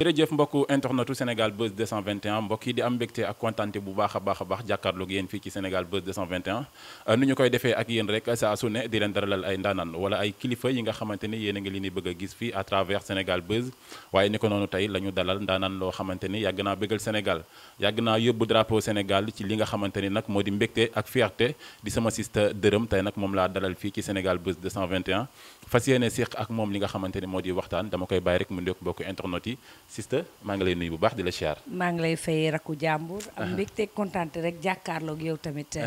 jërëjëf mbokk internetu Sénégal Buzz 221 mbokk yi di am mbégte ak kontaante bu baax a baax a baax jàkkaarloog yéen fii ci Sénégal Buzz 221 euh, nu ñu koy defee ak yéen rek saa ne di leen daralal ay ndaanaan wala ay kilifa yi nga xamante ni yéen a ngi leen di bëgg gis fii à travers Sénégal Buzz waaye ni ko noonu tey la ñu dalal ndaanaan loo xamante ni yàgg naa bëggal Sénégal yàgg naa yóbbu drapeau Sénégal ci li nga xamante ni nag moo di mbégte ak fierté di sama sista dërëm tey nag moom laa dalal fii ci Sénégal Buzz 221 fas yéene séq ak moom li nga xamante ne moo di waxtaan dama koy bàyyi rek mu ndekk mbokk internet yi sista maa ngi lay nuyu bu baax di la siyaar maa ngi lay fay rakku jàmbur am mbégte kontaan rek jàkkaarloog yow tamit eh,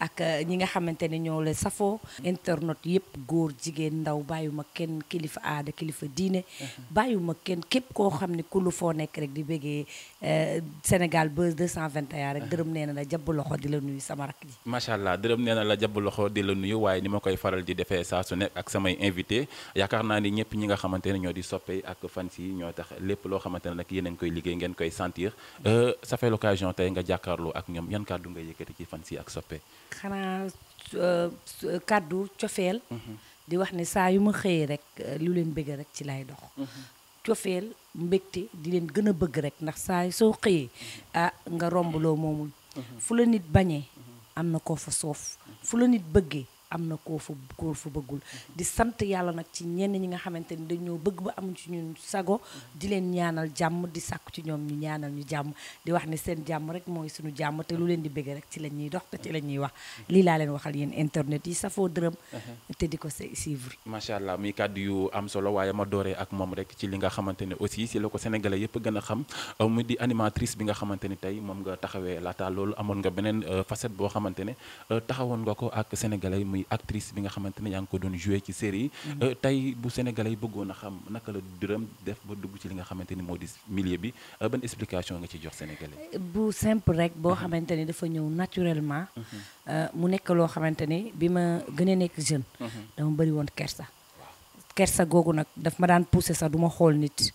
ak eh, ñi nga xamante ne ñoo la safoo internet yëpp góor jigéen ndaw bàyyuma kenn kilifa aada kilifa diine bàyyi ma kenn képp koo xam ne ku foo nekk rek di bëggee eh, Sénégal Buzz 221 rek dërëm nee na la jàpp loxo di la nuyu sama rakk ji macha allah dërëm nee na la jàpp loxo di la nuyu waaye ni ma koy faral di defee saa su nekk ak samay activité yaakaar naa ni ñëpp ñi nga xamante ne ñoo di soppe ak fans yi ñoo tax lépp loo xamante ne nag yéen koy liggéey ngeen koy sentir euh, ça fait tey nga jàkkaarloo ak ñoom yan kàddu nga yëkkati ci fans yi ak soppe xanaa euh, euh, kàddu cofeel mm-hmm. di wax ne saa yu ma xëyee rek lu leen bëgg rek ci lay dox mm-hmm. cofeel mbégte di leen gën a bëgg rek ndax saa yu soo xëyee mm-hmm. ah nga romb loo moomul fu la nit bañee am na koo fa soof fu la nit bëggee am na koo fa koo fa bëggul di sant yàlla nag ci ñenn ñi nga xamante ni dañoo bëgg ba amuñ ci ñun sago di leen ñaanal jàmm di sàkku ci ñoom ñu ñaanal ñu jàmm di wax ne seen jàmm rek mooy suñu jàmm te lu leen di bëggee rek ci la ñuy dox te ci la ñuy wax lii laa leen waxal yéen internet yi safoo dërëm uh-huh. te di ko suivre macha allah muy kàddu yu am solo waaye ma dooree ak moom rek ci li nga xamante ne aussi si la ko sénégalais yëpp gën a xam euh, mu di animatrice bi nga xamante ni tey moom nga taxawee laata loolu amoon nga beneen euh, facette boo xamante ne euh, taxawoon nga ko ak sénégalais muy actrice bi nga xamante ne yaa ngi ko doon joué ci série yi mm-hmm. euh, tey bu sénégalais yi bëggoon a xam naka la dërëm def ba dugg ci li nga xamante ni moo di milieu bi euh, ban explication nga ci jox sénégalais bu simple rek boo mm-hmm. xamante ni dafa ñëw naturellement mm-hmm. euh, mu nekk loo xamante ni bi ma gën nekk jeune dama bëri woon kersa kersa googu nag daf ma daan poussé sax du ma xool nit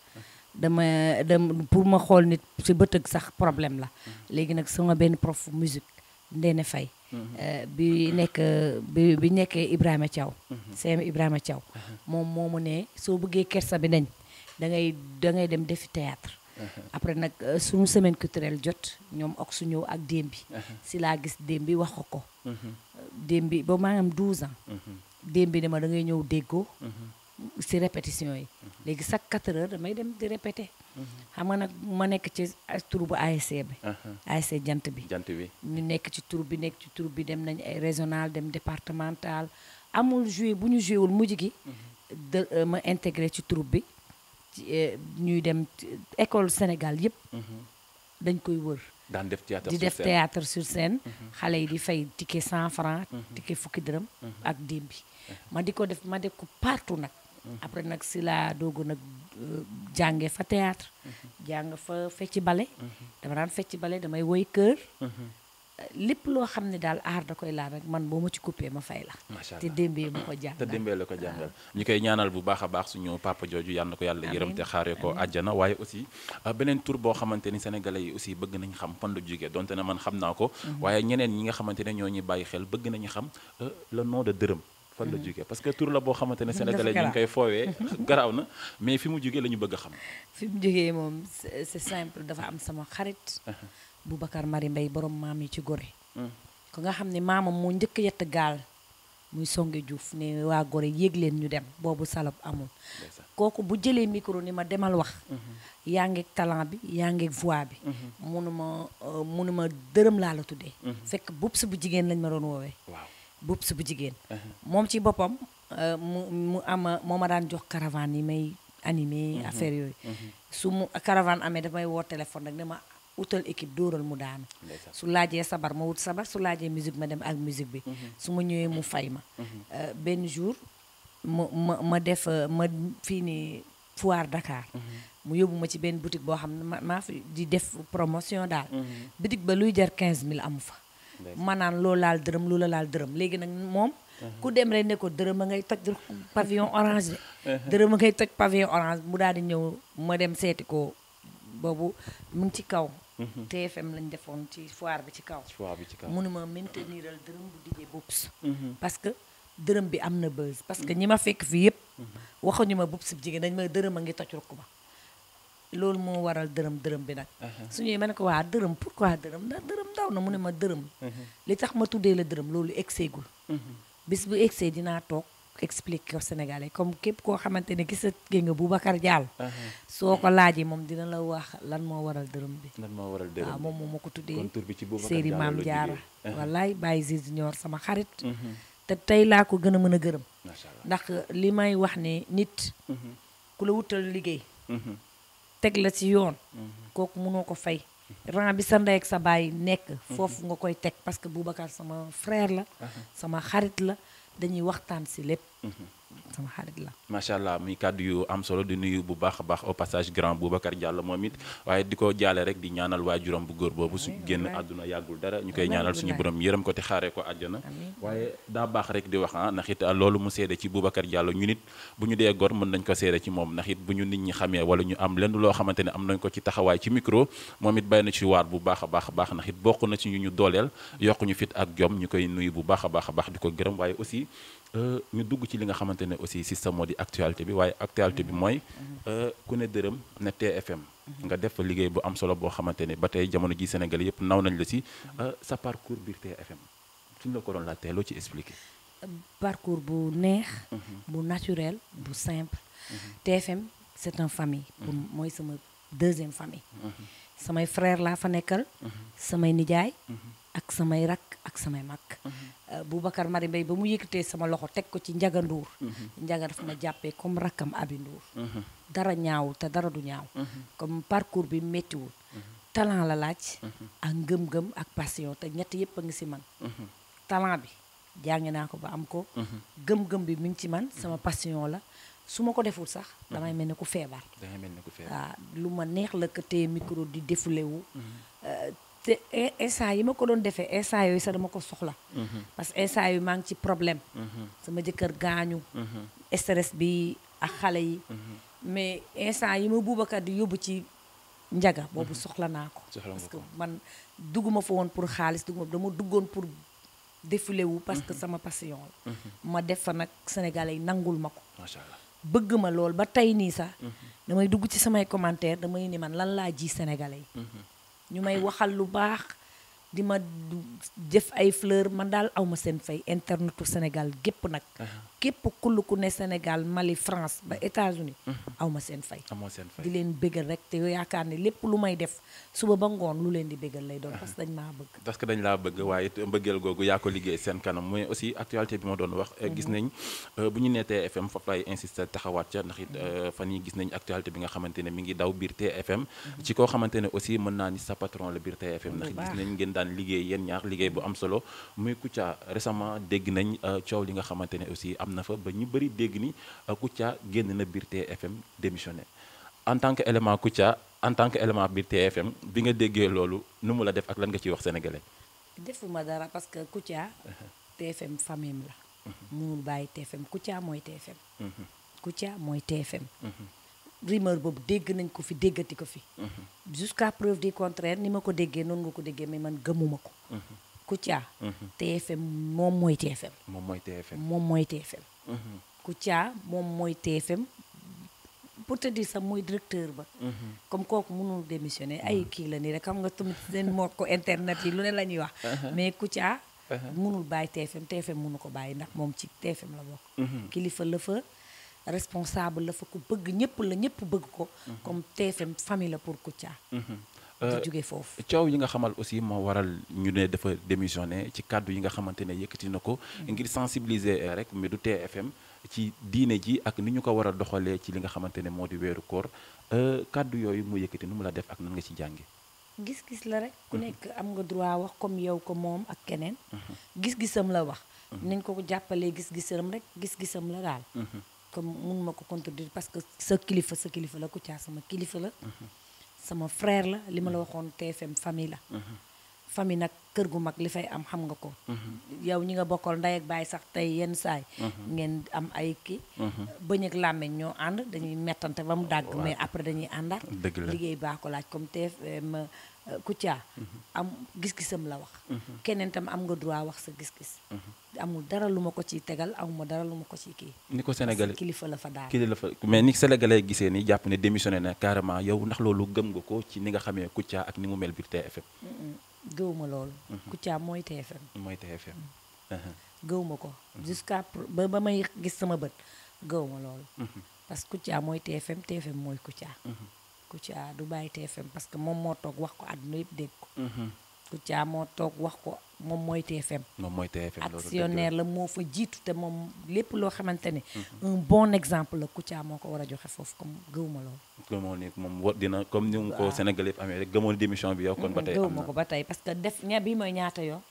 dama dem pour ma xool nit ci bëtëg sax problème la léegi nag sama benn prof musique Ndene Faye Eh, bi nekk bi bi nekkee Ibrahima Thiaw CM mhm. Ibrahima caw mhm. moom moo mu ne soo bëggee kersa bi dañ da ngay da dem defi théâtre mhm. après nag euh, suñu semaine culturelle jot ñoom ok su ñëw ak démb bi si laa gis démb bi wax ko ko euh, démb bi ba maanaam 12 ans démb bi ne da ngay ñëw déggoo si répétition yi léegi chaque 4 heures damay dem di répéter xam nga nag ma nekk ci tur bu ASC bi. Uh-huh. ASC jant bi jant bi. ñu nekk ci tur bi nekk ci tur bi dem nañ ay régional dem départemental amul joué bu ñu joué wul mujj gi. Uh-huh. de euh, ma intégré ci troupe bi euh, ñuy dem école Sénégal yëpp. Uh-huh. dañ koy wër. daan def théâtre di def sur scène. xale yi di fay ticket 100 francs. ticket fukki dërëm. ak démb bi ma di ko def ma def ko partout nag. après nag si laa doog nag. jànge fa théâtre jàng fa fecc bale dama daan fecc bale damay woy kër lépp loo xam ne daal aar da koy laal rek man boo ma ci coupé ma fay la te démbee ma ko la ko jàngal ñu koy ñaanal bu baax a baax suñu papa jooju yàlla na ko yàlla yërëm te xaaree ko àjjana waaye aussi ah, beneen tur boo xamante ni sénégalais yi aussi bëgg nañ xam fan la jógee donte na man xam naa ko mhm. waaye ñeneen ñi nga xamante ne ñoo ñuy bàyyi xel bëgg nañu xam euh, la nom de dërëm fan la jógee parce que tur la boo xamante ne sénégalais ñu ngi koy foowee garaaw na mais fi mu jógee la ñu bëgg a xam fi mu jógee moom c'est simple dafa am sama xarit bu uh-huh. bakar Mari Mbay borom maam yi ci Gorée hmm. ko nga xam ne maamam moo njëkk yett gaal muy songe Diouf ne waa Gorée yéeg leen ñu dem boobu salop amul kooku bu jëlee micro ni ma demal wax uh-huh. yaa ngi talent bi yaa ngi voix bi uh-huh. ma euh, munuma ma dërëm laa la tuddee fekk bubs bu jigéen lañ ma doon woowee bopp si bu jigéen. moom ci boppam euh, mu mu ama moo ma daan jox caravane yi may animé affaire yooyu. su mu caravane amee daf may woo téléphone rek dama utal équipe dóoral mu daanu. su laajee sabar ma wut sabar su laajee musique ma dem ak musique bi. su ma ñëwee mu fay ma. Euh, benn jour ma ma ma def euh, ma fii nii foire Dakar. mu yóbbu ma ci benn boutique boo xam ne maa fi di def promotion daal. boutique ba luy jar 15000 amu fa. maanaan loo laal dërëm loo la laal dërëm léegi nag moom uh-huh. ku dem rek ne ko dërëm a ngay toj pavillon orange de uh-huh. dërëm a ngay toj pavillon orange mu daal di ñëw ma dem seeti ko boobu mun ci kaw uh-huh. TFM lañ defoon ci foire bi ci kaw munu ma mainteniral dërëm bu DJ Boubs parce que dërëm bi am na buzz parce que ñi ma fekk fi yëpp waxuñu ma Boubs bu jigéen dañ ma dërëm a ngi toj rukk ba loolu moo waral dërëm dërëm bi nag uh-huh. su ñëwee ma ne ko waa dërëm pourquoi dërëm ndax dërëm ndaw na mu ne ma dërëm uh-huh. li tax ma tuddee la dërëm loolu egseegul uh-huh. bis bu egsee dinaa toog explique ko Sénégalais comme képp koo xamante ne gis nga Boubacar Diallo soo ko laajee moom dina la wax lan moo waral dërëm bi lan moo waral dërëm moom moom ma ko tuddee séeri maam Diarra wallaay Baye Ziz Junior sama xarit te tey laa ko gën a mën a gërëm ndax li may wax ne nit ku la wutal liggéey teg la ci yoon mhm. kooku mënoo ko fay rang bi sa ndey ak sa baay nekk foofu nga koy teg parce que Boubacar sama frère la mhm. sama xarit la dañuy waxtaan si lépp sama xarit macha allah muy kàddu yu am solo di nuyu bu baax a baax au passage grand Boubacar Diallo moom it waaye di ko jaale rek di ñaanal waajuram bu góor boobu su génn àdduna yàggul dara ñu koy ñaanal suñu borom yërëm ko te xaaree ko àjjana. waaye daa baax rek di wax ah ndax ah, loolu mu seede ci Boubacar Diallo ñu nit bu ñu dee gor mën nañ ko seede ci moom ndax it bu ñu nit ñi xamee wala ñu am lenn loo xamante ne am nañ ko ci taxawaay ci micro moom it bàyyi na ci waar bu baax a a baax ndax bokk na ci ñu ñu dooleel yokk fit ak jom ñu koy nuyu bu baax a baax a baax di ko gërëm waaye aussi Euh, ñu dugg ci li nga xamante ne aussi système moo di actualité bi waaye actualité bi mooy euh, ku ne dërëm ne TFM mhm. nga def fa liggéey bu am solo boo xamante ne ba tey jamono ji Sénégal yëpp naw nañ la si euh, sa parcours biir TFM suñ la ko doon laajtee loo ci expliqué parcours bu neex mhm. bu naturel bu simple TFM mhm. c'est une famille pour mooy sama deuxième famille samay frère laa fa nekkal samay nijaay ak samay rak ak samay mag. Mhm. Euh, Boubacar Mari Mbaye ba mu yëkkatee sama loxo teg ko ci Njaga Nduur mhm. Njaga daf ma jàppee comme rakkam Abi mhm. dara ñaawul te dara du ñaaw. comme parcours bi méttiwul. talent la laaj. ak ngëm-ngëm ak passion te ñett yëpp a ngi si man. talent bi jàngi naa ko ba am ko. gëm-gëm bi mi ngi ci man sama passion la. su ma ko deful sax damay mel ni ku feebar. damay mel ni ku lu ma neex la ko téye micro di défulé wu. te e, instant yi ma ko doon defee instant yooyu sax dama ko soxla. Mhm. parce que instant yooyu maa ngi ci problème. Mhm. sama jëkkër gaañu. Mhm. stress bi ak xale yi. mais instant yi ma buubakat di yóbbu ci njaga boobu soxla naa ko. parce que man dugguma fa woon pour xaalis dugguma dama duggoon pour défilé wu. parce que sama passion la. ma def fa nag sénégalais yi nangul ma ko. macha bëgg ma lool ba tey nii sax. damay dugg ci samay commentaire damay nii man lan laa ji sénégalais yi. ñu may waxal lu baax di ma def ay fleur man daal aw ma seen fay internetu Sénégal gépp nag képp kull ku ne Sénégal Mali France ba États-Unis mhm. aw ma seen fay di leen bégal rek te yaakaar ne lépp lu may def suba ba ngoon lu leen di bégal lay doon parce dañ maa bëgg parce dañ laa bëgg waaye mbëggeel googu yaa ko liggéey seen kanam mais aussi actualité bi ma doon wax eh, gis mhm. nañ euh, bu ñu nee TFM foofu laay insister taxawaat ca ndax it mhm. euh, fan yi gis nañ actualité bi nga xamante ne mi ngi daw biir TFM koo xamante ne aussi mën naa ni sa patron daan liggéey yéen ñaar liggéey bu am solo muy Kouthia récemment dégg nañ euh, coow li nga xamante ne aussi am na fa ba ñu bëri dégg ni euh, Kouthia génn na biir TFM démissionné en tan que élément Kouthia en tant que élément biir TFM bi nga déggee loolu nu mu la def ak lan nga ciy wax sénégalais. defuma dara parce que Kouthia. TFM famille la. Mhm. munul bàyyi TFM Kouthia mooy TFM. Mhm. Kouthia mooy TFM. Mhm. rumeur boobu dégg nañ ko fi déggati ko fi. Mhm. jusqu'à preuve du contraire ni ma ko déggee noonu nga ko déggee mais man gëmuma ko. Mhm. Kouthia. TFM mhm. moom mooy TFM. moom mooy TFM moom mooy TFM. Kouthia moom mooy TFM pour te dire sax mooy directeur ba. comme kooku mënul démissionner ay kii la nii rek xam nga tamit seen moo ko internet yi lu ne la ñuy wax. Uh-huh. mais Kouthia. Uh-huh. munul bàyyi TFM TFM mënu ko bàyyi ndax moom ci TFM la bokk. kilifa la fa. responsable la fa ku bëgg ñëpp la ñëpp bëgg ko. comme TFM famille la pour Kouthia. di mhm. euh, jóge foofu. coow yi nga xamal aussi moo waral ñu ne dafa démissionné ci kàddu yi nga xamante ne yëkkati na ko. Mhm. ngir sensibiliser euh, rek mais du TFM ci diine ji ak ni ñu ko war a doxalee ci li nga xamante ne moo di weeru koor euh, kàddu yooyu mu yëkkati nu mu la def ak nan nga ci jànge gis-gis la rek ku mhm. nekk am nga droit wax comme yow ko moom ak keneen. gis-gisam la wax. nañ ko jàppalee gis-gisam rek gis-gisam la daal. comme mun ma ko contredire parce que sa kilifa sa kilifa la Kouthia sama kilifa la. Mhm. sama frère la li ma la mhm. waxoon TFM famille la. Mhm. famille nag kër gu mag li fay am xam nga ko. yow ñi nga bokkal ndey ak baay sax tey yenn saay ngeen am ay kii. bëñ ak làmmeñ ñoo ànd dañuy mettante ba mu dàgg. mais après dañuy àndaat. liggéey baax ko laaj comme TFM euh, Kouthia. am gis-gisam la wax. keneen tam am nga droit wax sa gis-gis. amul dara lu ma ko ci tegal amuma dara lu ma ko ci kii. ni ko Sénégalais kilifa la fa daal kilifa fa mais ni Sénégalais gisee ni jàpp ne démissionné na carrément yow ndax loolu gëm nga ko ci ni nga xamee Kouthia ak ni mu mel biir TFM. gëwuma loolu. Mm-hmm. Kouthia mooy TFM. mooy TFM. Mm-hmm. Uh-huh. gëwuma ko. Mm-hmm. jusqu'à ba ba may gis sama bët gëwuma loolu. parce que Kouthia mooy TFM TFM mooy Kouthia. Kouthia du bàyyi TFM parce que moom moo toog wax ko àdduna yëpp dégg ko. Kouthia moo toog wax ko. moom mooy TFM. moom mooy TFM actionnaire la moo fa jiitu te moom lépp loo xamante ni mm-hmm. un bon exemple la Kouthia moo ko war a joxe foofu comme gëwuma loolu. gëmoo ni moom wa dina comme ni mu Sénégal amee rek gëmoo ni démission bi yow. kon ko ba parce que def ña bi mooy ñaata yoon.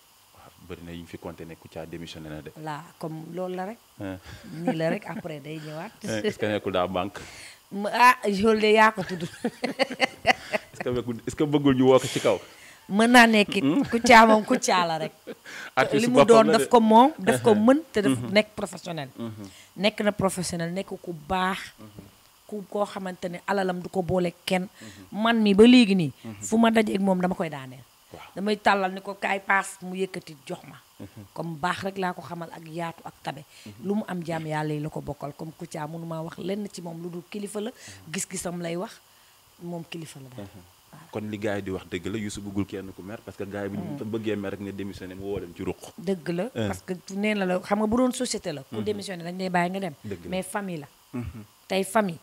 bari na yi ñu fi compté ne Kouthia démissionné na de. voilà comme loolu la rek. nii la rek après day ñëwaat. est-ce que nekkul daa banque. ah loolu de yaa ko tudd. est-ce que bëggul ñu woo ko ci kaw. mën naa nekk Kouthia moom Kouthia la rek. li mu doon daf ko moom daf ko uh-huh. mën te daf mm-hmm. nekk professionnel. Mm-hmm. nekk na professionnel nekk ku baax. Mm-hmm. ku koo xamante ne alalam du ko boole kenn. man mi ba léegi nii. fu ma dajeeg moom dama koy daaneel. damay tàllal ni ko kaay paas mu yëkkati jox ma. comme baax rek laa ko xamal ak yaatu ak tabe. lu mu am jaam yàlla yi la ko bokkal comme Kouthia mënu maa wax lenn ci moom lu dul kilifa la. gis-gisam lay wax moom kilifa la kon li gaa yi di wax dëgg la Youssou bëggul kenn ku mer parce que gars yi bu ñu mm. bëggee mer rek ne mu woo dem ci ruq dëgg la mm. parce que nee la xam nga bu doon société la ku mm-hmm. démissionné dañ lay bàyyi nga dem mais famille la mm-hmm. tey famille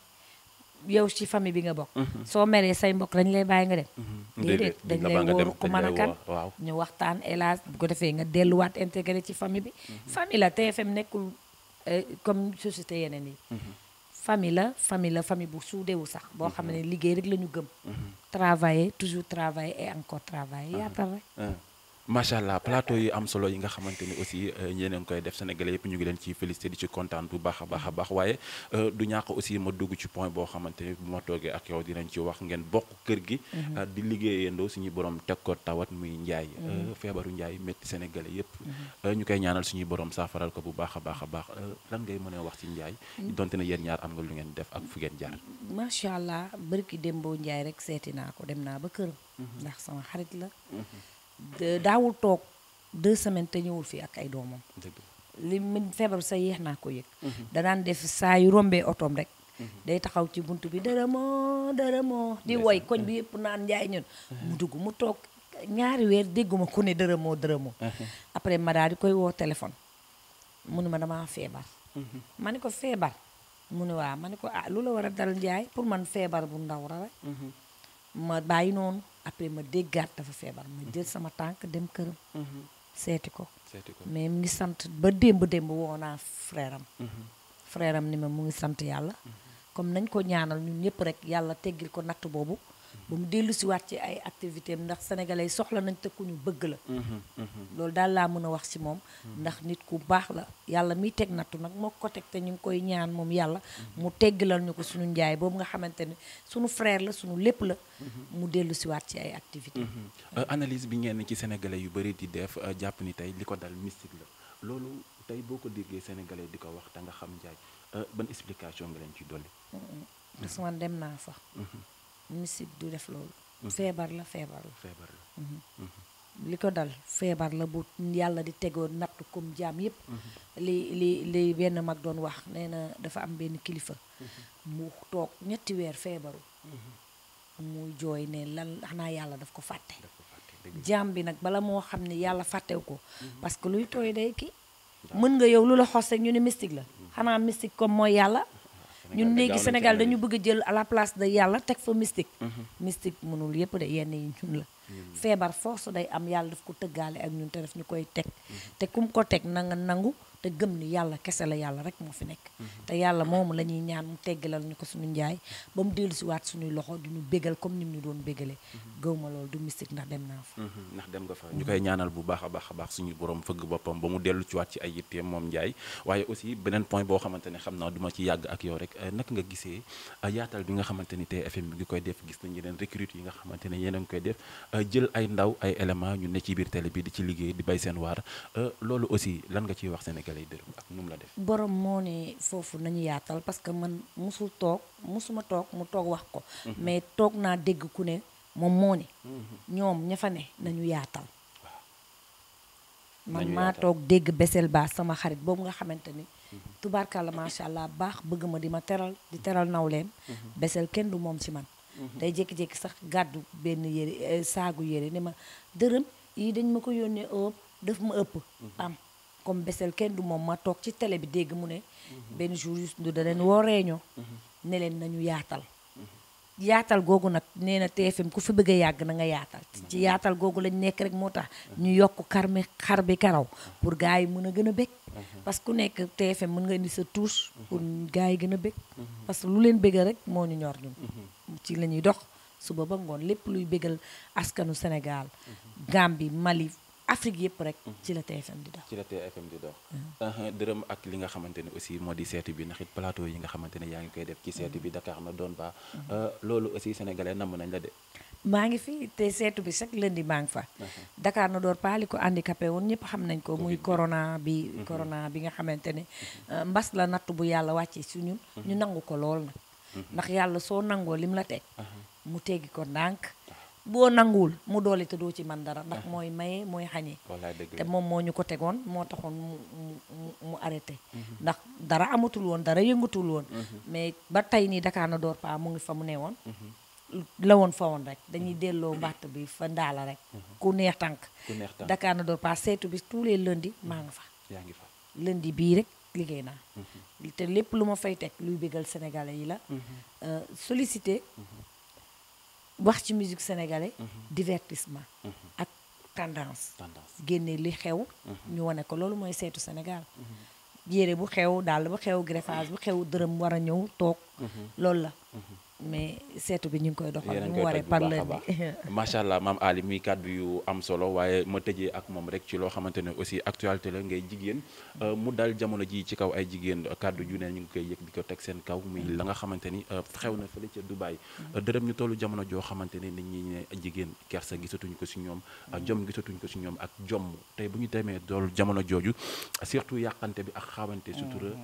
yow ci famille bi nga bokk mm-hmm. soo meree say mbokk dañ lay bàyyi nga dem dañ lay woo ruq mën a kan ñu waxtaan hélas bu ko defee nga delluwaat intégré ci famille bi famille la TFM nekkul euh, comme société yeneen yi famille la famille la famille bu suudewu sax boo xam ne mhm. liggéey rek la ñu gëm mhm. travailler toujours travailler et encore travailler ah. yaatal rek ah. macha allah plateau yi am solo yi nga xamante ni aussi euh, yéen a ngi koy def sénégalais yëpp ñu ngi leen ci félicité di ci kontaan bu baax a baax a baax waaye euh, du ñàkk aussi ma dugg ci point boo xamante ni bu ma toogee ak yow dinañ ci wax ngeen bokk kër gi. Mhm. Euh, di liggéeyandoo suñu borom teg ko tawat muy njaay. Mhm. feebaru njaay métti sénégalais yëpp. Mhm. ñu koy ñaanal suñuy borom saafaral ko bu baax a baax a baax lan ngay mën a wax ci njaay. donte na yéen ñaar am nga lu ngeen def ak fu ngeen jaar. macha allah barki Dembo Njaay rek seeti naa ko dem naa ba kër ndax sama xarit la daawul toog deux semaines te ñëwul fii ak ay doomam. li mu feebar sa yéex naa ko yëg. Mhm. danaan def saa yu rombee otoom rek. Mhm. day taxaw ci bunt bi dara moo di woy koñ mhm. bi yëpp naan njaay ñun. mu dugg mu toog ñaari weer dégguma ku ne dara moo dara après ma daal di koy woo téléphone. mu ne ma damaa feebar. ma ne ko feebar. mu ne waa ma ne ko ah lu la war a dal njaay pour man feebar bu ndaw la ma bàyyi noonu après ma déggaat dafa feebar ma jël mhm. sama tànk dem këram. Mhm. seeti ko. mais mu ngi sant ba démb démb woo naa frère mhm. ni ma mu ngi sant yàlla. comme nañ ko ñaanal ñun ñëpp rek yàlla teggil ko natt boobu. ba mu dellu si waat ci ay activité ndax sénégalais soxla nañ te ku ñu bëgg la mhm, mhm. loolu daal laa mën a wax si moom ndax nit ku baax la yàlla muy teg nattu nag moo ko teg te ñu ngi koy ñaan moom yàlla mhm. mu teggalal ñu ko suñu njaay boobu nga xamante ne suñu frère la suñu lépp la mu dellu si waat ci ay activité euh, analyse bi ngeen ci sénégalais yu bëri di def euh, jàpp ni tey li ko dal mystique la loolu tey boo ko déggee sénégalais di ko wax te nga xam njaay euh, ban explication nga leen ci dolli mystique du def loolu. Mhm. feebar la feebar la. Mhm. Mhm. li ko dal feebar la bu yàlla di tegoo natt comme jaam yëpp. li li li benn mag doon wax nee na dafa am benn kilifa. mu toog ñetti weer feebaru. mu jooy ne lan xanaa yàlla daf ko fàtte. jaam bi nag bala moo xam ne yàlla fàttew ko. parce que luy tooy day kii. mën nga yow lu la xos rek ñu ne mystique la. xanaa mystique comme mooy yàlla. ñun léegi Sénégal dañu bëgg a jël à la place de yàlla teg fa mystique mhm. mystique mënul yëpp de yenn yi ñun la mhm. feebar force day am yàlla daf ko tëggaale ak ñun te daf ñu koy teg mhm. te kum ko teg nanga nangu te gëm ni yàlla kese la yàlla rek moo fi nekk mhm. te yàlla moomu la ñuy ñaan mu teggalal ñu ko suñu njaay ba mu dellu si waat suñuy loxo di ñu bégal comme ni mu ñu doon bégalee mhm. gëw ma loolu du dem naa fa mhm. ndax dem nga fa ñu koy ñaanal bu baax a baax a baax suñu borom fëgg boppam ba mu dellu ci ci ay yitteem moom njaay waaye aussi beneen point boo xamante ne xam naa duma ci yàgg ak yow rek euh, naka nga gisee euh, yaatal nga xamante ni TFM bi koy def gis nañ yeneen recrute yi nga xamante ne yéen a ngi koy def euh, jël ay ndaw ay élément ne ci biir télé bi di ci liggéey di bay seen waar loolu ca lay la borom moo ne foofu nañu yaatal parce que man mosul toog mosuma toog mu toog wax ko. Mhm. mais toog naa dégg ku ne moom moo ne. Mhm. ñoom ña fa ne nañu yaatal. man maa toog dégg beseel baa sama xarit boobu nga xamante ni. Mhm. tubaarkàlla macha allah baax bëgg ma di ma teral di teral nawleem. beseel kenn du moom ci man. day jékki-jékki sax gàddu benn yére eh, saagu yére ne ma dërëm yi dañ ma ko yónnee ëpp daf ma ëpp am. comme Bessél kenn du moom ma toog ci télé bi dégg mu ne. benn jour Youssou Ndour da leen woo réunion. ne leen nañu yaatal. yaatal googu nag nee na TFM ku fi bëgg a yàgg na nga yaatal ci yaatal googu lañ nekk rek moo tax ñu yokk karmi xar bi karaw pour gars yi mën a gën a bég parce que ku nekk TFM mën nga indi sa tous pour gars yi gën a bég parce que lu leen bëgg rek moo ñu ñor ñun ci la ñuy dox suba ba ngoon lépp luy bégal askanu Sénégal Gambie Mali Afrique yëpp rek. Mhm. ci la TFM di dox. ci la TFM di dox. Mhm. dërëm ak li nga xamante ne aussi moo di seetu bi ndax it plateau yi nga xamante ne yaa ngi koy def ci seetu bi mhm. Dakar na doon euh, la de. maa ngi fi te seetu bi chaque lundi maa ngi fa. Dakar na door paali ko handicapé woon ñëpp xam nañ ko. muy corona bi. corona bi nga xamante ne. Euh, mbas la natt bu yàlla wàccee si ñun. ñu nangu ko lool nag. ndax yàlla soo nangoo lim la teg. mu teggi ko ndànk. boo nanguwul mu doole te doo ci man dara ndax mooy maye mooy xañee te moom moo ñu ko tegoon moo taxoon mu mu arrêté mhm. ndax dara amatul woon dara yëngatul woon mhm. mais ba tey nii Dakar na door pa mu ngi fa mu ne woon mhm. la woon fa woon rek dañuy delloo mbatt bi fa ndaala rek ku neex tànk Dakar na door pa seetu bi tous les lundis maa nga fa yaa ngi fa lundi bii rek liggéey naa te lépp lu ma fay teg luy bégal sénégalais yi la euh, sollicité wax ci musique sénégalais. Mhm. divertissement. Mhm. ak tendance. génne li xew. Mhm. ñu wane ko loolu mooy seetu Sénégal. yére bu xew daal bu xew greffage bu xew dërëm war a ñëw toog. loolu la. mais seetu bi ñu ngi koy doxal mu waree par lundi macha allah maam Ali muy kàddu yu am solo waaye ma tëjee ak moom rek ci loo xamante ne aussi actualité la ngay jigéen mm. euh, mu dal jamono ji ci kaw ay jigéen kàddu ju ne ñu ngi koy yëg di ko teg seen kaw muy mm. la nga xamante ni euh, xew na fële ca Dubaay mm. euh, dërëm ñu tollu jamono joo xamante ne nit ñi ne jigéen kersa gisatuñ ko si ñoom jom gisatuñ ko si ñoom ak jomm tey bu ñu demee dool jamono jooju surtout yàqante bi ak xawante sutura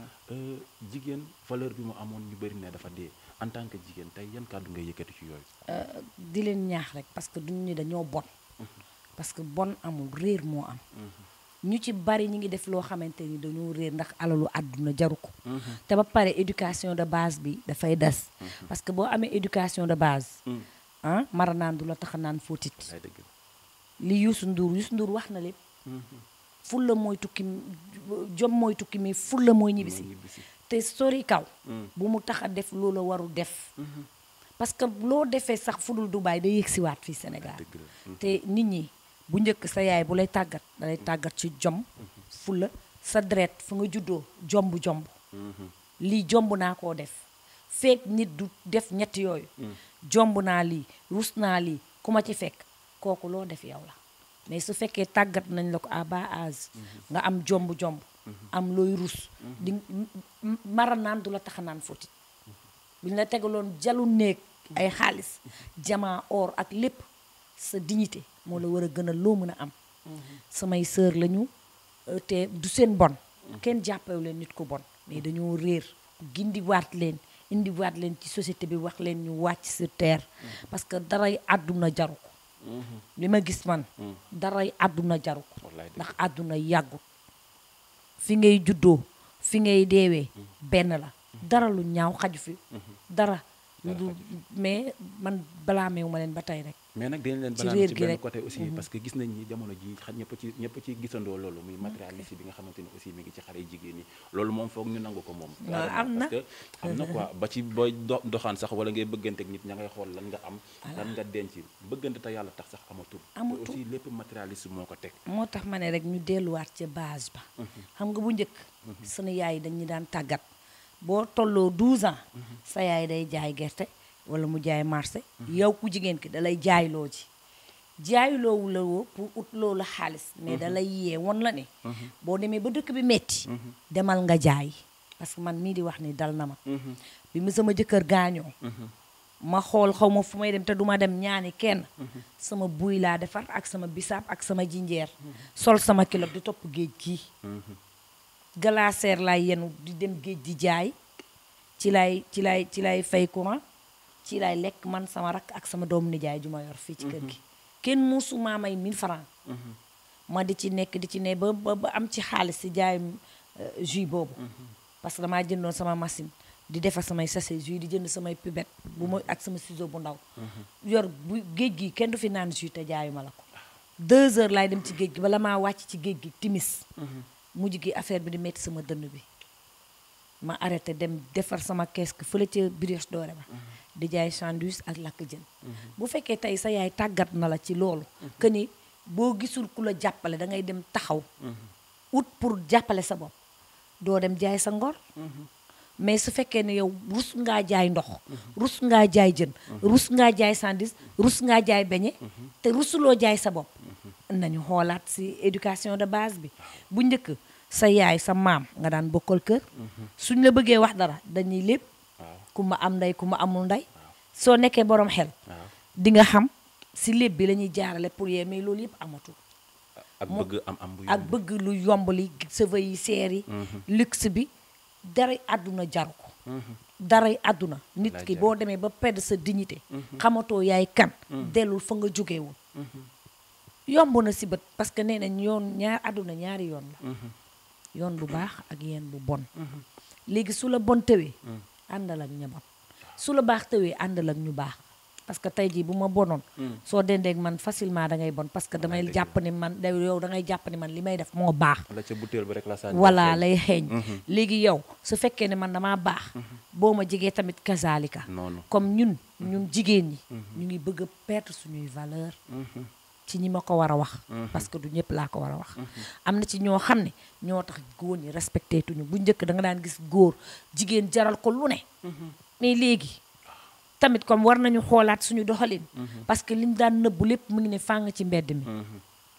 jigéen valeur bi mu amoon ñu bëri ne dafa dee en tant que jigéen tey yan kàddu ngay yëkkati ci yooyu. Euh, di leen ñaax rek parce que duñ ni dañoo bon. Mm-hmm. parce que bon amul réer moo am. Mm-hmm. ñu ci bari ñi ngi def loo xamante ni dañoo réer ndax alalu àdduna jaru ko. Mm-hmm. te ba pare éducation de base bi dafay des. parce que boo amee éducation de base. Mm. ah mara naan du la tax a naan fóotit. li Youssou Ndour Youssou Ndour wax na lépp. fulla mooy tukki jom mooy tukki mais fulla mooy ñibbisi. sori kaw. Mm. bu mu tax a def loola warul def. Mm-hmm. parce que loo defee sax fudul Dubaay day yëgsiwaat fii senegal ah, mm-hmm. te nit ñi bu njëkk sa yaay bu lay tàggat dalay tàggat ci jom. Mm-hmm. la sa deret fu nga juddoo jomb jomb. lii jomb naa koo def. feek nit du def ñetti yooyu. Mm. jomb naa lii rus naa lii ku ma ci fekk kooku loo def yow la mais su fekkee tàggat nañ la ko à bas âge. nga am jomb jomb. am looy rus. mara naan du la tax a naan fotit buñ la tegaloon jalu néeg ay xaalis jamaa or ak lépp sa dignité moo la war a gën a loo mën a am. samay sœur lañu euh, te du seen bon. kenn jàppew leen nit ku bon. mais dañoo réer gindiwaat leen indiwaat leen ci société bi wax leen ñu wàcc sur terre. parce que daray àdduna jaru ko. li ma gis man. daray àdduna jaru ko. ndax àdduna yàggut. fi ngay juddoo fi ngay deewee benn la dara lu ñaaw xaju fi mhm. dara mais man balaa meewu ma leen ba tey rek mais nag dinañ leen banaan ci benn côté aussi mm-hmm. parce que gis nañ ni jamono ji ñëpp ci ñëpp ci gisandoo loolu muy matérialiste bi nga xamante ni aussi mi ngi ci xare jigéen ñi loolu moom foog ñu nangu ko moom parce que am na quoi ba ci sax wala ngay bëggante ak nit ña ngay xool lan nga am lan nga denc bëggante te yàlla tax sax amatul amatul aussi lépp matérialiste moo ko teg moo tax ma ne rek ñu delluwaat ca base ba mm-hmm. xam nga bu njëkk mm-hmm. sunu yaay dañu daan tàggat boo tolloo 12 ans sa yaay day jaay gerte wala mu jaay marché mhm. yow ku jigéen ki dalay jaayloo ji jaayuloowu pour ut loolu xaalis mais mhm. dalay yee won la ne mhm. boo demee ba dëkk bi metti demal nga jaay parce que man mii di wax ni dal na ma bi mu sama jëkkër gaañoo ma xool xaw ma fu may dem te duma dem ñaani kenn sama buy laa defar ak sama bisaab ak sama jinjeer sol sama kilo di topp géej gii galaaseer laay yenu di dem géej di jaay ci lay ci lay ci lay fay courant ci laay lekk man sama rakk ak sama doomu nijaay ju ma yor fii ci kër gi kenn musu maa may 1000 francs ma di ci nekk di ci ne ba ba am ci xaalis si jaayum euh, jus boobu parce que damaa jëndoon sama machine di defar samay sachet jus di jënd samay pipette bu ma ak sama siso bu ndaw yor bu géej gi kenn du fi naan jus te jaayuma la ko deux heures laay dem ci géej gi bala maa wàcc ci géej gi timis mujj gi affaire bi di metti sama dënn bi ma arrêté dem defar sama kees fële ca Brioche Dorée ba di jaay sandwich ak lakk jën mhm. bu fekkee tey sa yaay tàggat na la ci loolu mhm. que ni boo gisul ku la jàppale da ngay dem taxaw mhm. ut pour jàppale sa bopp doo dem jaay sa ngor mais su fekkee ne yow rus ngaa jaay ndox rus ngaa jaay jën rus ngaa jaay sandwich rus ngaa jaay beñe te rusuloo jaay sa bopp nañu xoolaat si éducation de base bi bu njëkk sa yaay sa maam nga daan bokkal kër suñ la bëggee wax dara dañuy lépp ku ma am ndey ku ma amul ndey soo nekkee borom xel dinga xam si lépp bi lañuy jaarale pour yee mais loolu yëpp amatul ak bëgg am ak bëgg lu yomb li cheveux yi seer yi mhm. bi daray àdduna jaru ko mhm. daray àdduna nit ki boo demee ba pedd sa dignité mhm. xamatoo yaay kan dellul fa nga jóge yomb na si bët parce que nee nañ yoon ñaar àdduna ñaari yoon la yoon bu baax ak yeen bu bon léegi su la bon tëwee àndal ak ña bon su la baax tëwee àndal ak ñu baax parce que tey jii bu ma bonoon hmm. soo dendeeg man facilement dangay bon parce que damay jàpp ni man da yow da jàpp ni man li may def moo baax voilà lay xeeñ hmm. Hmm. léegi yow su fekkee ne man damaa baax boo ma jigee tamit kazalika comme ñun ñun jigéen ñi ñu ngi bëgg a perdre suñuy valeur ci ñi ma ko war a wax. Mhm. parce que du ñëpp laa ko war a wax. Mhm. am na ci ñoo xam ne ñoo tax góor ñi respecté tuñu bu njëkk danga daan gis góor jigéen jaral ko lu ne. Mhm. mais léegi tamit comme war nañu xoolaat suñu doxalin. parce que liñ daan nëbbu lépp mu ngi ne fàng ci mbedd mi.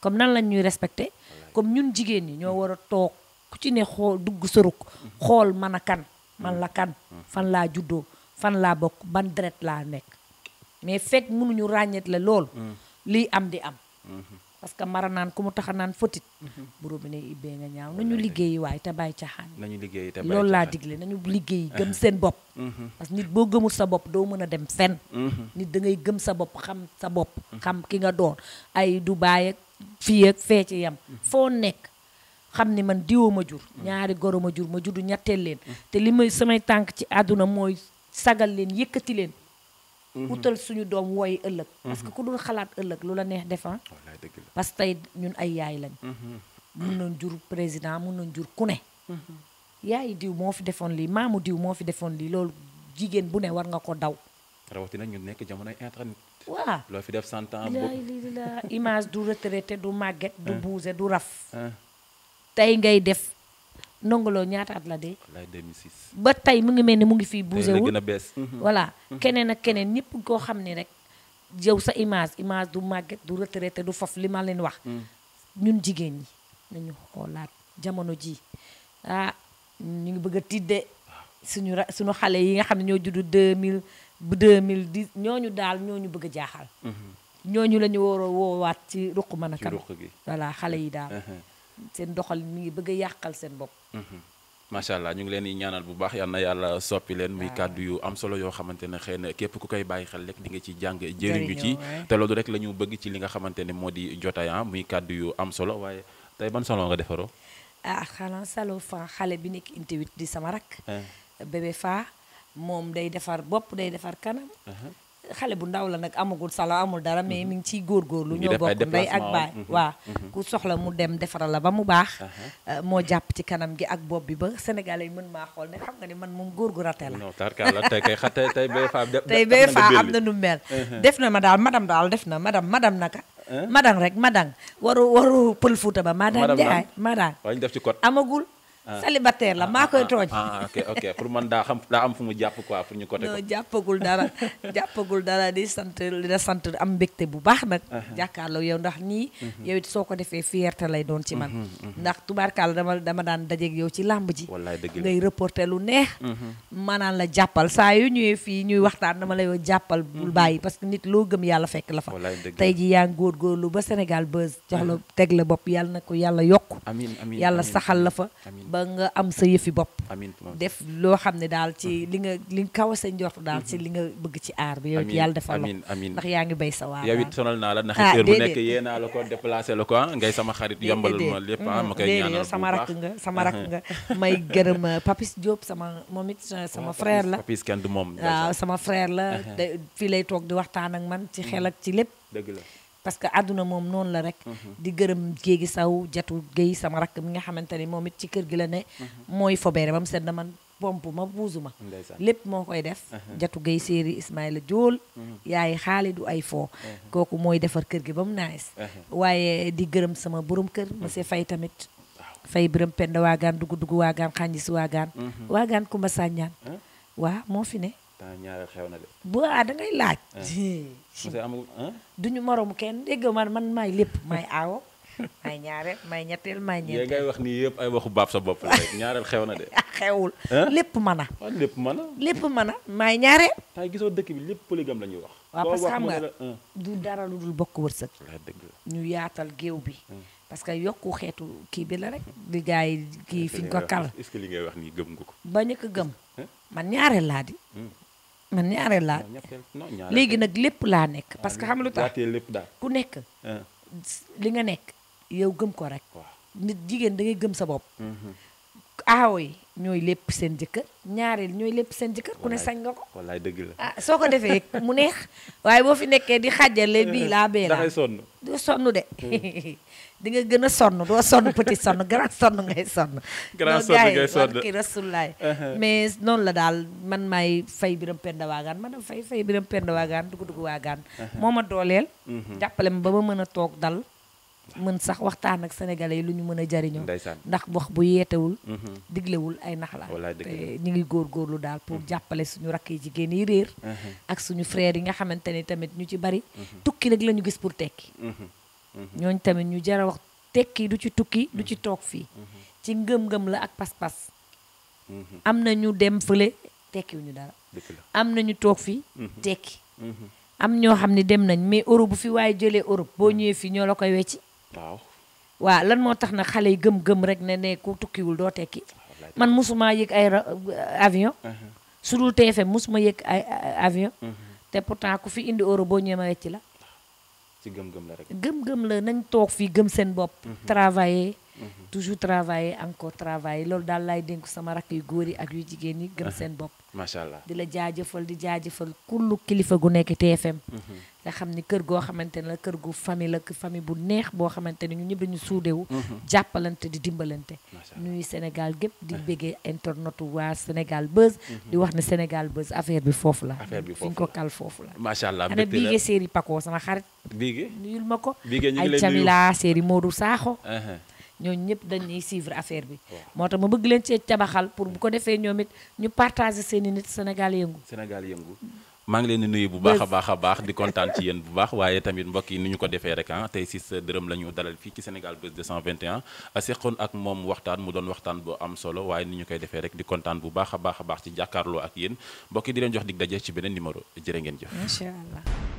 comme nan lañ ñuy respecté comme ñun jigéen ñi ñoo war a toog ku ci ne xool dugg soruk xool man a kan man la kan fan laa juddoo fan laa bokk ban deret laa nekk mais fekk mënuñu ràññet la lool. lii am di am. Mhm. parce que mara naan ku mu tax a naan fotit. Mhm. bu robinet ibbee nga ñaaw nañu liggéeyi waay te bàyyi caaxaan. nañu liggéeyi te bàyyi laa digle nañu liggéey gëm seen bopp. Mhm. parce que nit boo gëmul sa bopp doo mën a dem fenn. nit da ngay gëm sa bopp xam sa bopp. xam ki nga doon ay Dubaay ak fii ak fee yam. foo nekk xam ni man diwoo ma jur. ñaari goro ma jur ma juddu ñetteel leen. te li may samay tànk ci àdduna mooy sagal leen yëkkati leen. wutal mm-hmm. suñu doom wooy ëllëg mm-hmm. parce que ku dul xalaat ëllëg lu la neex defan parce que tey ñun ay yaay lañ mm-hmm. mun nañ jur président mun nañ jur ku ne yaay diw moo fi defoon lii maamu diw moo fi defoon lii loolu jigéen bu ne war nga ko daw rawatina ñu nekk jamonoy internet waaw loo fi def cent ans lii la image du retraité du màgget du buuse du raf tey ngay def nongoloo ñaata at la dee. wallaay 2006. ba tey mu ngi mel ni mu ngi fii bougé wul mhm. voilà mhm. keneen ak keneen ñëpp koo xam ni rek yow sa image image du màgget du retraité du fof li ma leen wax. Mhm. ñun jigéen ñi nañu xoolaat jamono ji ah ñu ngi bëgg a tidde suñu ra suñu xale yi nga xam ne ñoo juddu 2000 bu 2010 ñooñu daal ñooñu bëgg a jaaxal. ñooñu la ñu war a woowaat ci ruq mën a kan. voilà xale yi daal. Uh-huh. seen doxal mi ngi bëgg a yàqal seen bopp. Mhm. macha allah ñu ngi leen di ñaanal bu baax yal na yàlla soppi leen muy kàddu yu am solo yoo xamante ne xëy na képp ku koy bàyyi xel lekk di nga ci jàng jëriñu ci te loolu rek la ñu bëgg ci li nga xamante ne moo di jotaay ah, muy kàddu yu am solo waaye tey ban salon nga defaroo ah xanaa salo fa xale bi nekk intiwit di sama rak eh. bébé fa moom day defar bopp day defar kanam eh. xale bu ndaw la nag amagul sala amul dara mais mhm. mi ngi ciy góor góorgóorlu ñoo bokk ndey ak baay mhm. waaw mhm. ku soxla mu dem defaral la ba mu baax euh, moo jàpp ci kanam gi ak bopp bi ba sénégalais yi mën maa xool ne xam nga ni man moom góor gu rate la tey kay xa tey bee faa am na nu mel def na ma daal madame daal def na madame madame naka madang rek madang waru waru pël fuuta ba madang jaay madang waaw def ci code amagul Ah. célibataire la ah, maa koy ah, tooñ. ah ok pour man daa xam daa am fu mu jàpp quoi pour ñu côté ko. jàppagul dara jàppagul dara di sant di am mbégte bu baax nag. jàkkaarloo yow ndax nii. Mhm. yow soo ko defee fierté lay doon ci man. Mhm, mhm, ndax tubaarkaal dama dama daan dajeeg yow ci làmb ji. wallaay dëgg ngay reporté lu neex. maanaan la jàppal saa yu ñëwee fii ñuy waxtaan dama lay jàppal. bàyyi parce que nit loo gëm yàlla fekk la fa. tey ji yaa ngi góorgóorlu ba Sénégal buzz jox la teg la bopp yàlla na ko yàlla yokk. amiin amiin yàlla saxal la fa. ba nga am sa yëfi bopp def loo xam ne daal ci mhm. li nga li nga kaw a sa njort daal ci mhm. li nga bëgg ci aar bi yow it yàlla defal la ndax yaa ngi bay sa waar yow it sonal naa la ndax ah, heure bu nekk yee naa la ko déplacé la ko ah, ngay sama xarit yambalal ma lépp ah, ma koy mm, ñaanal sama rakk nga sama rakk nga may gërëm euh, Papis Diop sama moom it euh, sama frère la Papis kenn du moom waaw sama frère la fii lay toog di waxtaan ak man ci mm. xel ak ci lépp parce que àdduna moom noonu la rek mhm. di gërëm géegi saw jatu géy sama rakk mi nga xamante ni moom it ci kër gi la ne mhm. mooy fobeere ba mu na man pomp ma buusu ma lépp moo koy def mhm. jatu gay séeri la Jool yaay xaali du ay foo kooku mooy defar kër gi ba mu naagis waaye di gërëm sama borom kër monsieur fay tamit fay Biram Penda waagaan dugu dugu waagaan xànji si waagaan waagaan Kumba Sàññaan waa moo fi ne temps ñaareel xew na de. bu ah da ngay laaj. Eh. monsieur amul duñu moromu kenn dégg man man maay lépp may aawo maay ñaareel maay ñetteel maay ñeent. yaa ngay wax nii yëpp ay waxu baab sa bopp la rek xew na de. Ah, xewul lépp mën a. Ah, lépp mën a. lépp mën a maay ñaareel. tay gisoo dëkk bi lépp polygame la ñuy wax. waaw parce que xam du dara lu dul bokk wërsëg. ñu yaatal géew bi. parce que yokku xeetu kii bi la rek. di gars yi kii fi ko kal est-ce li ngay wax nii gëm nga ko. ba a ko gëm man ñaareel laa di. Hmm. man ñaareel laa léegi nag lépp laa nekk parce que xam lu tax ku nekk ah. li nga nekk yow gëm ko rek nit jigéen da ngay gëm sa bopp mhm. aawo yi ñooy lépp seen jëkkër ñaareel ñooy lépp seen jëkkër ku ne sañ nga ko. wallaay dëgg la ah soo ko defee mu neex waaye boo fi nekkee di xàjjale bii laa bee laa. dangay sonn doo sonn de. Hmm. di nga gën a sonn doo sonn petit sonn grand sonn ngay sonn. grand sonn ngay sonn kii rasulaay uh-huh. mais noonu la daal man maay fay biram penda waagaan ma dama fay fay biram penda waagaan dugg dugg waagaan. Uh-huh. moo ma dooleel. Mm-hmm. jàppale ma ba ma mën a toog dal. mën sax waxtaan ak sénégalais yi lu ñu mën a jariñoo ndax wax bu yeetewul mhm. diglewul ay nax la te ñu ngi góor góorlu daal pour mhm. jàppale suñu rakk yi jigéen yi réer mhm. ak suñu frères yi nga xamante ni tamit ñu ci bari tukki rek la gis pour tekki ñooñ tamit ñu jara wax tekki du ci tukki du ci toog fii ci ngëm-ngëm la ak pas-pas am na ñu dem fële tekkiwuñu dara am na ñu toog fii tekki am ñoo xam ne dem nañ mais Europe bu fi waaye jële Europe boo ñëwee fii ñoo la koy wecci waaw waaw lan moo tax na xale yi gëm-gëm rek ne ne ku tukkiwul doo tekki man mosuma yëg ay avion uh-huh. su dul TFM mosuma yëg ay avion uh-huh. te pourtant ku fi indi euro boo ñëwee ma wecc la ci gëm-gëm la gëm-gëm la nañ toog fii gëm seen bopp uh-huh. travailler Mhm. toujours travailler encore travailler loolu daal laay dénku sama rakk yu góor yi ak yu jigéen yi gëm mhm. seen bopp. macha allah di la jaajëfal di jaajëfal kullu kilifa gu nekk TFM. Mhm. nga xam ni kër goo xamante ne kër gu famille la famille bu neex boo xamante ni ñun ñëpp dañu jàppalante di dimbalante. nuyu Sénégal gépp di eh. bëggee internet waa Sénégal Buzz. di wax ne Sénégal Buzz affaire bi foofu la. affaire bi foofu la fi ñu kal foofu la. macha allah mbégte la xanaa biige sama xarit. biige nuyul ma ko. biige ñu ay Camila séeri Modou Sakho. Uh-huh. ñooñu ñëpp dañuy suivre affaire bi. moo tax ma bëgg leen cee cabaxal pour bu ko defee ñoom it ñu partager seen i nit Sénégal yëngu. Sénégal yëngu. Mm. maa ngi leen di nuyu bu baax a baax a baax di kontaan ci yéen bu baax waaye tamit mbokk yi ni ñu ko defee rek ah tey si sa dërëm la ñu dalal fii ci Sénégal Buzz 221 seqoon ak moom waxtaan mu doon waxtaan boo am solo waaye ni ñu koy defee rek di kontaan bu baax a baax a baax ci jàkkaarloo ak yéen mbokk yi jox dig daje ci beneen numéro jërë ngeen jëf. incha